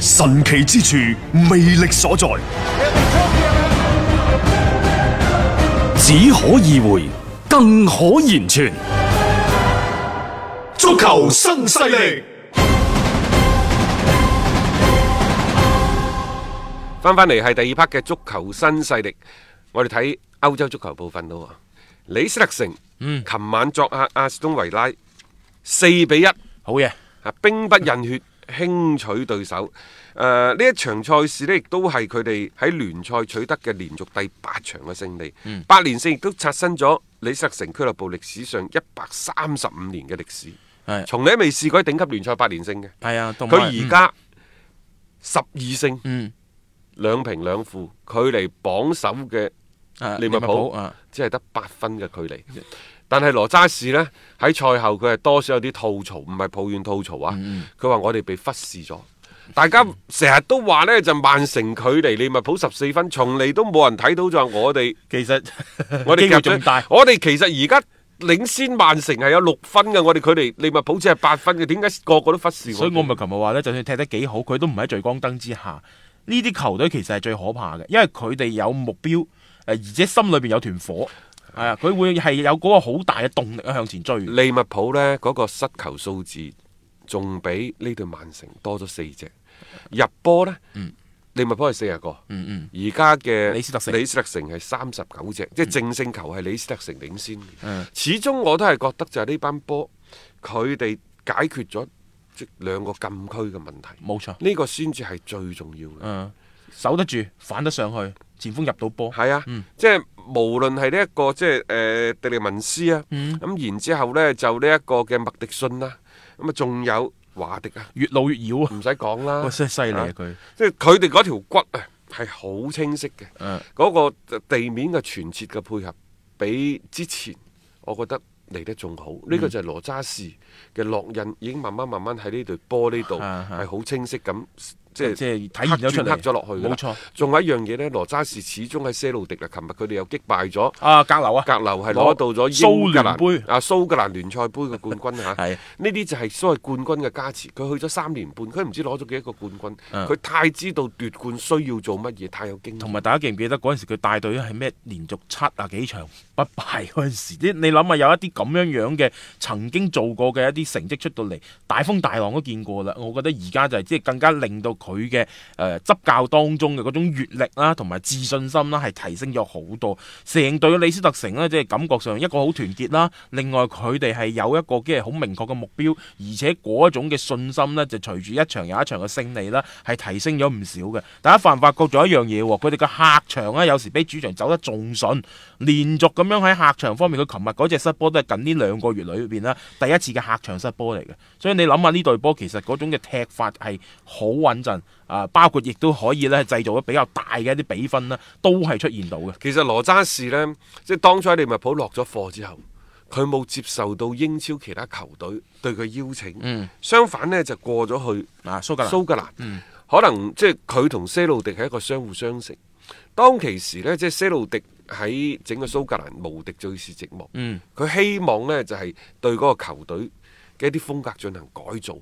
神奇之處，魅力所在，只可意會，更可言傳。足球新勢力，翻返嚟係第二 part 嘅足球新勢力。我哋睇歐洲足球部分咯。李斯特城，嗯，琴晚作客阿斯頓維拉，四比一，好嘢啊！兵不刃血。嗯輕取對手，誒、呃，呢一場賽事咧，亦都係佢哋喺聯賽取得嘅連續第八場嘅勝利，嗯、八連勝亦都刷新咗李察城俱樂部歷史上一百三十五年嘅歷史，係、啊，從嚟都未試過頂級聯賽八連勝嘅，佢而家十二勝，兩、嗯、平兩負，距離榜首嘅利物浦，啊利物浦啊、只係得八分嘅距離。嗯但係羅渣士呢，喺賽後佢係多少有啲吐槽，唔係抱怨吐槽啊！佢話、嗯、我哋被忽視咗，大家成日都話呢，就曼城距離利物浦十四分，從嚟都冇人睇到就我哋，其實 我哋機會大，我哋其實而家領先曼城係有六分嘅，我哋距離利物浦只係八分嘅，點解個個都忽視我？所以我咪琴日話呢，就算踢得幾好，佢都唔喺聚光燈之下。呢啲球隊其實係最可怕嘅，因為佢哋有目標，誒而且心裏邊有團火。係啊，佢會係有嗰個好大嘅動力向前追。利物浦呢，嗰、嗰個失球數字，仲比呢隊曼城多咗四隻入波呢，嗯、利物浦係四十個，而家嘅李斯特城係三十九隻，隻嗯、即係正勝球係李斯特城領先。嗯、始終我都係覺得就係呢班波，佢哋解決咗兩個禁區嘅問題。冇錯錯，呢個先至係最重要嘅、嗯。守得住，反得上去。前鋒入到波，係啊，即係無論係呢一個即係誒迪利文斯啊，咁然之後呢，就呢一個嘅麥迪遜啦，咁啊仲有華迪啊，越老越妖啊，唔使講啦，哇，真係犀利啊佢，即係佢哋嗰條骨啊係好清晰嘅，嗰個地面嘅傳切嘅配合比之前我覺得嚟得仲好，呢個就係羅渣士嘅烙印已經慢慢慢慢喺呢隊玻璃度係好清晰咁。即係即係體現咗融合咗落去，冇錯。仲有一樣嘢呢，羅渣士始終係些路迪啦。琴日佢哋又擊敗咗啊，格流啊，格流係攞到咗蘇聯杯啊，蘇格蘭聯賽杯嘅冠軍嚇。呢啲 是的、啊、就係所謂冠軍嘅加持。佢去咗三年半，佢唔知攞咗幾多個冠軍。佢是的 太知道奪冠需要做乜嘢，太有經驗。同埋大家記唔記得嗰陣時佢帶隊係咩？連續七啊幾場不敗嗰陣時，你諗下有一啲咁樣樣嘅曾經做過嘅一啲成績出到嚟，大風大浪都見過啦。我覺得而家就係即係更加令到，佢嘅誒執教當中嘅種閱歷啦、啊，同埋自信心啦、啊，係提升咗好多。成隊嘅李斯特城咧，即係感覺上一個好團結啦、啊。另外佢哋係有一個即係好明確嘅目標，而且嗰種嘅信心咧，就隨住一場又一場嘅勝利啦，係提升咗唔少嘅。大家發唔發覺咗一樣嘢，佢哋嘅客場咧，有時比主場走得仲順，連續咁樣喺客場方面，佢琴日隻失波都係近呢兩個月裏邊啦，第一次嘅客場失波嚟嘅。所以你諗下呢隊波其實種嘅踢法係好穩陣。啊，包括亦都可以咧，製造咗比較大嘅一啲比分啦，都係出現到嘅。其實羅渣士呢，即係當初喺利物浦落咗貨之後，佢冇接受到英超其他球隊對佢邀請，嗯、相反呢就過咗去蘇，啊，蘇格蘭。蘇格蘭，嗯、可能即係佢同西路迪係一個相互相成。當其時呢，即係西路迪喺整個蘇格蘭無敵最是寂寞。佢、嗯、希望呢就係、是、對嗰個球隊嘅一啲風格進行改造。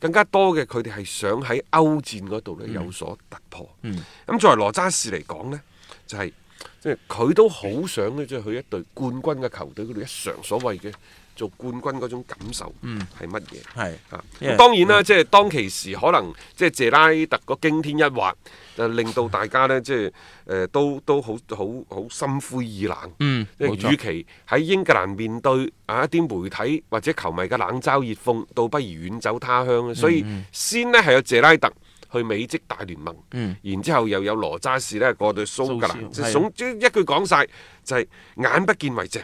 更加多嘅佢哋係想喺歐戰嗰度呢有所突破。咁、嗯、作為羅渣士嚟講呢就係即係佢都好想呢，即係去一隊冠軍嘅球隊嗰度一嘗所謂嘅。做冠軍嗰種感受係乜嘢？係、嗯、啊，咁係、嗯、當然啦，嗯、即係當其時可能即係謝拉特個驚天一滑，就令到大家呢，嗯、即係誒、呃、都都好好好心灰意冷。嗯，即係與其喺英格蘭面對啊一啲媒體或者球迷嘅冷嘲熱諷，倒不如遠走他鄉、嗯、所以先呢，係有謝拉特。去美職大聯盟，然之後又有羅渣士呢過到蘇格蘭，總之一句講晒，就係眼不見為淨，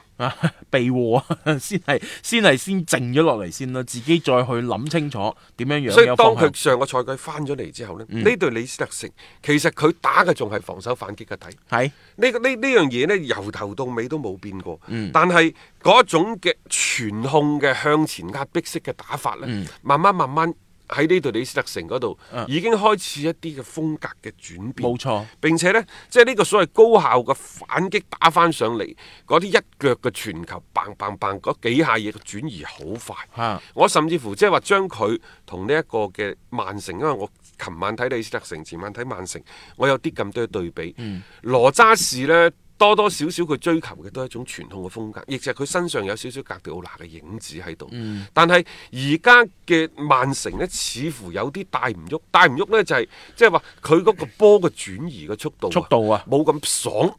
避禍先係先係先靜咗落嚟先啦，自己再去諗清楚點樣樣。所以當佢上個賽季翻咗嚟之後呢，呢隊李斯特城其實佢打嘅仲係防守反擊嘅底，係呢呢呢樣嘢呢，由頭到尾都冇變過，但係嗰種嘅傳控嘅向前壓逼式嘅打法呢，慢慢慢慢。喺呢度李斯特城嗰度已經開始一啲嘅風格嘅轉變，冇錯。並且呢，即係呢個所謂高效嘅反擊打返上嚟，嗰啲一腳嘅傳球棒棒棒，g 嗰幾下嘢嘅轉移好快。嗯、我甚至乎即係話將佢同呢一個嘅曼城，因為我琴晚睇李斯特城，前晚睇曼城，我有啲咁多對比。嗯、羅渣士呢。多多少少佢追求嘅都係一種傳統嘅風格，亦就係佢身上有少少格迪奧拿嘅影子喺度。嗯、但係而家嘅曼城呢，似乎有啲帶唔喐，帶唔喐呢就係即係話佢嗰個波嘅轉移嘅速度，速度啊，冇咁、啊、爽，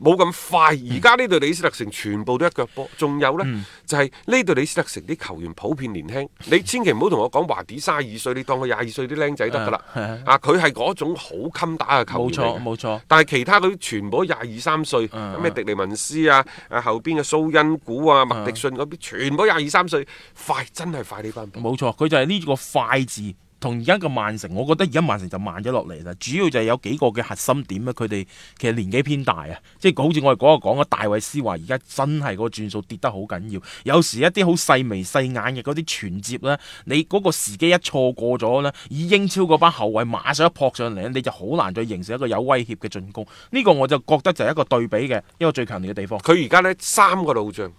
冇咁、嗯、快。而家呢對李斯特城全部都一腳波，仲有呢、嗯、就係呢對李斯特城啲球員普遍年輕，你千祈唔好同我講華迪卅二歲你當佢廿二歲啲僆仔得噶啦。嗯嗯嗯、啊，佢係嗰種好襟打嘅球員。冇錯，但係其他佢全部都廿二三歲。咩、嗯、迪尼文斯啊，啊後邊嘅蘇恩古啊，麥迪遜嗰邊、嗯、全部廿二三歲，快真係快啲翻盤。冇錯，佢就係呢個快字。同而家嘅曼城，我覺得而家曼城就慢咗落嚟啦。主要就係有幾個嘅核心點咧，佢哋其實年紀偏大啊。即係好似我哋嗰個講嘅，大衛斯話而家真係個轉數跌得好緊要。有時一啲好細眉細眼嘅嗰啲傳接咧，你嗰個時機一錯過咗咧，以英超嗰班後衛馬上一撲上嚟咧，你就好難再形成一個有威脅嘅進攻。呢個我就覺得就係一個對比嘅，一個最強烈嘅地方。佢而家咧三個路障。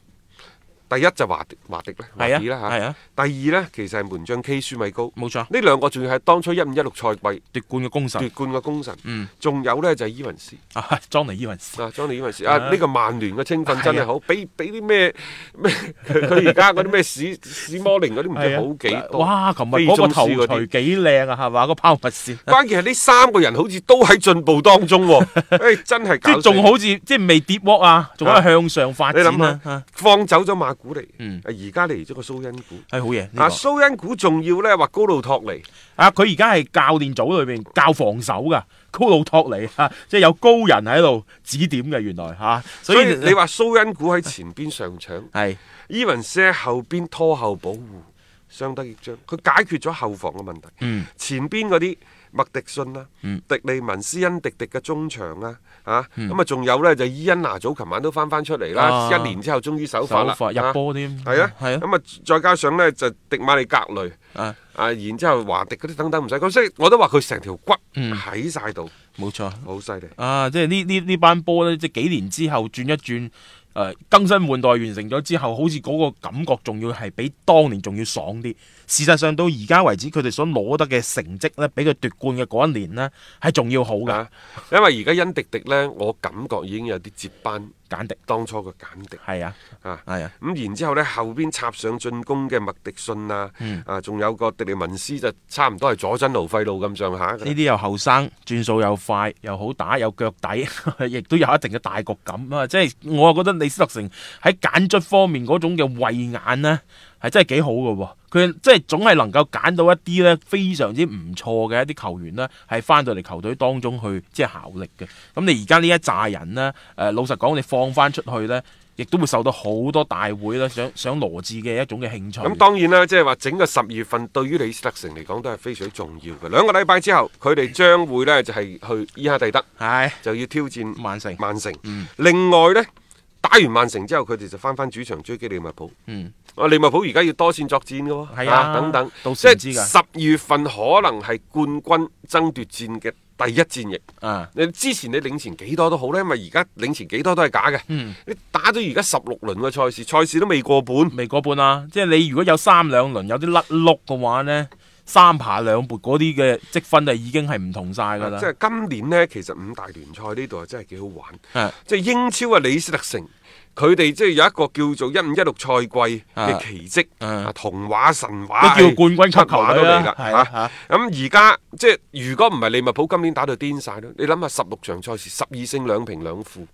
第一就華華迪咧，華迪啦啊。第二咧，其實係門將 K 舒米高，冇錯。呢兩個仲要係當初一五一六賽季奪冠嘅功臣。奪冠嘅功臣。嗯。仲有咧就係伊文斯，啊，莊尼伊文斯，啊，莊尼伊文斯。啊，呢個曼聯嘅青訓真係好，比比啲咩咩，佢而家嗰啲咩史史摩寧嗰啲唔知好幾多。哇！琴日嗰個頭槌幾靚啊，係嘛？個拋物線。關鍵係呢三個人好似都喺進步當中喎，真係搞。仲好似即係未跌落啊，仲喺向上發展，你諗下，放走咗曼。鼓勵，嗯，而家嚟咗個蘇恩古，係好嘢。這個、啊，蘇恩古仲要咧，話高露托尼、啊、尼，啊，佢而家係教練組裏邊教防守噶，高露托尼吓，即係有高人喺度指點嘅，原來吓，所以，所以你話蘇恩古喺前邊上場，係、哎，伊雲斯後邊拖後保護，相得益彰，佢解決咗後防嘅問題，嗯，前邊嗰啲。麥迪遜啦，迪利文、斯恩迪迪嘅中場啊，嚇，咁啊，仲有咧就伊恩拿祖琴晚都翻翻出嚟啦，啊、一年之後終於首發啦，入波添，係啊，係啊，咁啊，啊再加上咧就迪馬里格雷啊啊，然之後華迪嗰啲等等，唔使講，所以我都話佢成條骨喺晒度，冇錯、嗯，好犀利啊！即係呢呢呢班波咧，即係幾年之後轉一轉，誒、呃、更新換代完成咗之後，好似嗰個感覺仲要係比當年仲要爽啲。事實上到而家為止，佢哋所攞得嘅成績咧，比佢奪冠嘅嗰一年呢係仲要好嘅、啊。因為而家因迪迪呢，我感覺已經有啲接班簡迪當初嘅簡迪。係啊，啊係啊。咁、啊嗯、然之後呢，後邊插上進攻嘅麥迪遜啊，嗯、啊，仲有個迪利文斯就差唔多係佐真奴費路咁上下。呢啲又後生，轉數又快，又好打，有腳底，亦 都有一定嘅大局感啊！即係我啊覺得李斯特城喺揀卒方面嗰種嘅慧眼呢。係真係幾好嘅、啊，佢即係總係能夠揀到一啲呢非常之唔錯嘅一啲球員呢，係翻到嚟球隊當中去即係效力嘅。咁你而家呢一紮人呢？誒、呃，老實講你放翻出去呢，亦都會受到好多大會啦，想想羅致嘅一種嘅興趣。咁當然啦，即係話整個十二月份對於李斯特城嚟講都係非常重要嘅。兩個禮拜之後，佢哋將會呢，就係、是、去伊哈蒂德，係的就要挑戰曼城。曼城成。嗯、另外呢。打完曼城之後，佢哋就翻翻主場追擊利物浦。嗯，啊利物浦而家要多線作戰嘅喎、啊。啊，啊，等等，到時即係是十二月份可能係冠軍爭奪戰嘅第一戰役。啊，你之前你領前幾多都好咧，因為而家領前幾多都係假嘅。嗯、你打咗而家十六輪嘅賽事，賽事都未過半。未過半啊，即係你如果有三兩輪有啲甩碌嘅話呢。三排兩撥嗰啲嘅積分就已經係唔同晒噶啦，即係今年呢，其實五大聯賽呢度真係幾好玩。即係英超啊，李斯特城，佢哋即係有一個叫做一五一六賽季嘅奇蹟，啊童話神話，都叫冠軍出頭都嚟啦。吓，咁而家即係如果唔係利物浦，今年打到癲晒咯。你諗下十六場賽事，十二勝兩平兩負，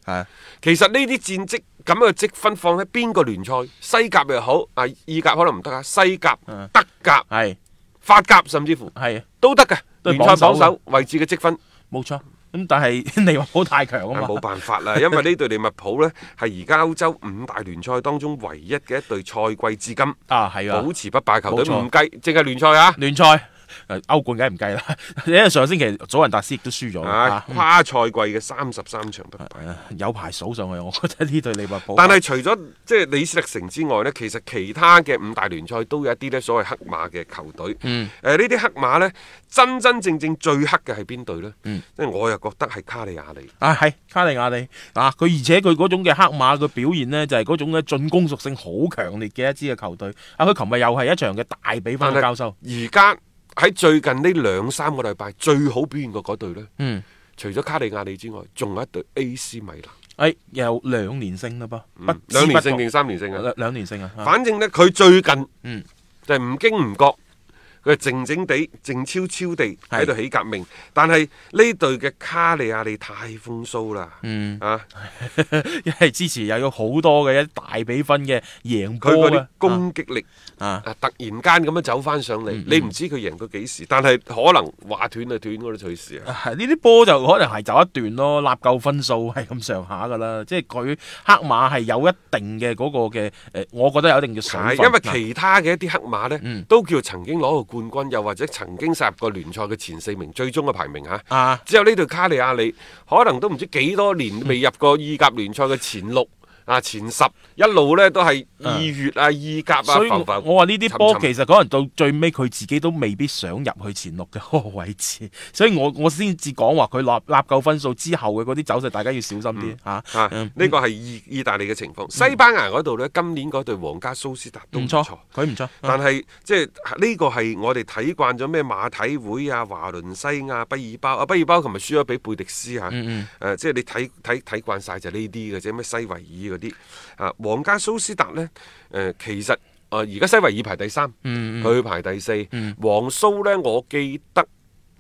其實呢啲戰績咁嘅積分放喺邊個聯賽？西甲又好，啊意甲可能唔得啊，西甲、德甲係。發甲，甚至乎係的都得嘅，聯賽榜首位置嘅積分，冇錯。咁但係利物浦太強啊冇辦法啦， 因為呢隊利物浦呢，係而家歐洲五大聯賽當中唯一嘅一隊賽季至今啊係啊保持不敗球隊，唔計即係聯賽啊聯賽。聯賽誒，歐冠梗唔計啦。因為上星期祖雲達斯亦都輸咗、啊，跨賽、嗯、季嘅三十三場不敗、啊，有排數上去。我覺得呢隊利物浦。但係除咗即係里斯特城之外呢，其實其他嘅五大聯賽都有一啲呢所謂黑馬嘅球隊。誒，呢啲黑馬呢，真真正正最黑嘅係邊隊呢？即係、嗯、我又覺得係卡利亞里啊，係卡利亞里啊。佢而且佢嗰種嘅黑馬嘅表現呢，就係、是、嗰種嘅進攻屬性好強烈嘅一支嘅球隊。啊，佢琴日又係一場嘅大比翻。教授，而家。喺最近呢兩三個禮拜最好表現嘅嗰隊呢，嗯，除咗卡里亞利之外，仲有一隊 A. C. 米蘭，誒、哎，有兩連勝啦噃，兩、嗯、連勝定三連勝啊，兩連勝啊，啊啊反正呢，佢最近，嗯，就係唔經唔覺。佢靜靜地、靜悄悄地喺度起革命，但係呢隊嘅卡利亞利太風騷啦，嗯、啊，因為 之前又有好多嘅一大比分嘅贏波啊，攻擊力啊，啊突然間咁樣走翻上嚟，嗯嗯、你唔知佢贏到幾時。但係可能話斷就斷都隨時啊，呢啲波就可能係走一段咯，立夠分數係咁上下噶啦，即係佢黑馬係有一定嘅嗰、那個嘅，誒、呃，我覺得有一定嘅水份，係因為其他嘅一啲黑馬咧，都叫曾經攞過。嗯嗯冠軍又或者曾經殺入過聯賽嘅前四名，最終嘅排名吓，啊、只有呢隊卡利亞利，可能都唔知幾多年未入過意甲聯賽嘅前六。啊！前十一路咧都係二月啊、二甲啊，所以我話呢啲波其實可能到最尾佢自己都未必想入去前六嘅位置，所以我我先至講話佢立納夠分數之後嘅嗰啲走勢，大家要小心啲吓。呢個係意意大利嘅情況，西班牙嗰度呢，今年嗰隊皇家蘇斯達，都唔錯，佢唔錯，但係即係呢個係我哋睇慣咗咩馬體會啊、華倫西亞、畢爾包啊、畢爾包，琴日輸咗俾貝迪斯吓，即係你睇睇睇慣晒就呢啲嘅啫，咩西維爾。嗰啲啊，皇家蘇斯達咧，誒、呃，其實啊，而、呃、家西維爾排第三，佢、嗯、排第四。皇蘇咧，我記得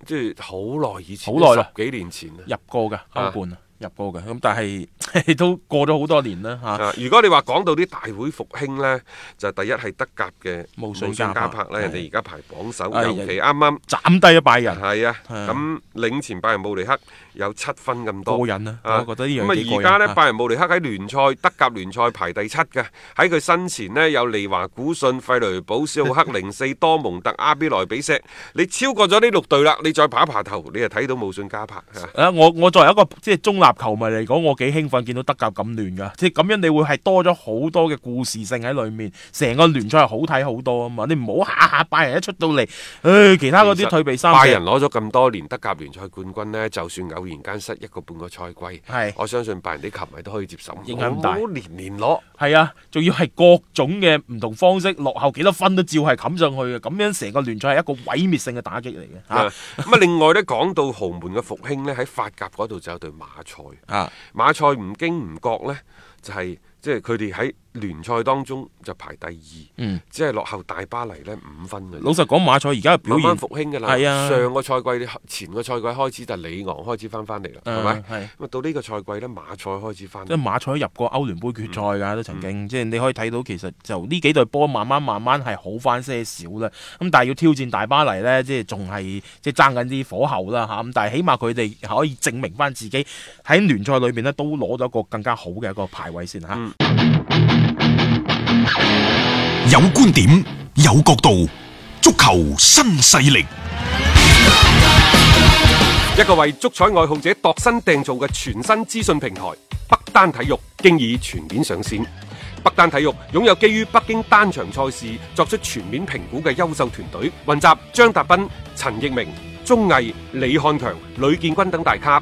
即係好耐以前，好耐啦，十幾年前啊，入過噶歐冠啊入波㗎，咁但係都過咗好多年啦嚇。如果你話講到啲大會復興呢，就第一係德甲嘅慕遜加柏呢人哋而家排榜首，尤其啱啱斬低咗拜仁。係啊，咁領前拜仁慕尼克有七分咁多人啊，我覺得呢樣幾過癮。咁而家呢，拜仁慕尼克喺聯賽德甲聯賽排第七㗎，喺佢身前呢，有利華古遜、費雷堡、少克、零四、多蒙特、阿比萊比錫。你超過咗呢六隊啦，你再爬一爬頭，你就睇到慕遜加柏嚇。我我作為一個即係中立球迷嚟講，我幾興奮見到德甲咁亂㗎，即係咁樣你會係多咗好多嘅故事性喺裡面，成個聯賽係好睇好多啊嘛！你唔好下下拜仁一出到嚟，誒，其他嗰啲退避三舍。拜仁攞咗咁多年德甲聯賽冠軍呢，就算偶然間失一個半個賽季，是我相信拜仁啲球迷都可以接受，影響唔大，年年攞，係啊，仲要係各種嘅唔同方式，落後幾多分都照係冚上去嘅，咁樣成個聯賽係一個毀滅性嘅打擊嚟嘅嚇。咁啊， 另外呢，講到豪門嘅復興呢，喺法甲嗰度就有隊馬賽。啊！馬賽唔經唔覺呢，就係、是。即係佢哋喺聯賽當中就排第二，嗯、只係落後大巴黎呢五分嘅。老實講，馬賽而家慢慢復興嘅啦。係啊，上個賽季、前個賽季開始就里昂開始翻翻嚟啦，係咪？到呢個賽季呢，馬賽開始翻。即係馬賽入過歐聯杯決賽㗎，嗯、都曾經。嗯、即係你可以睇到，其實就呢幾隊波慢慢慢慢係好翻些少啦。咁但係要挑戰大巴黎呢，即係仲係即係爭緊啲火候啦嚇。咁但係起碼佢哋可以證明翻自己喺聯賽裏面咧都攞咗一個更加好嘅一個排位先嚇。嗯有觀點，有角度，足球新勢力，一個為足彩愛好者度身訂造嘅全新資訊平台——北單體育，經已全面上線。北單體育擁有基於北京單場賽事作出全面評估嘅優秀團隊，雲集張達斌、陳奕明、鍾毅、李漢強、呂建軍等大咖。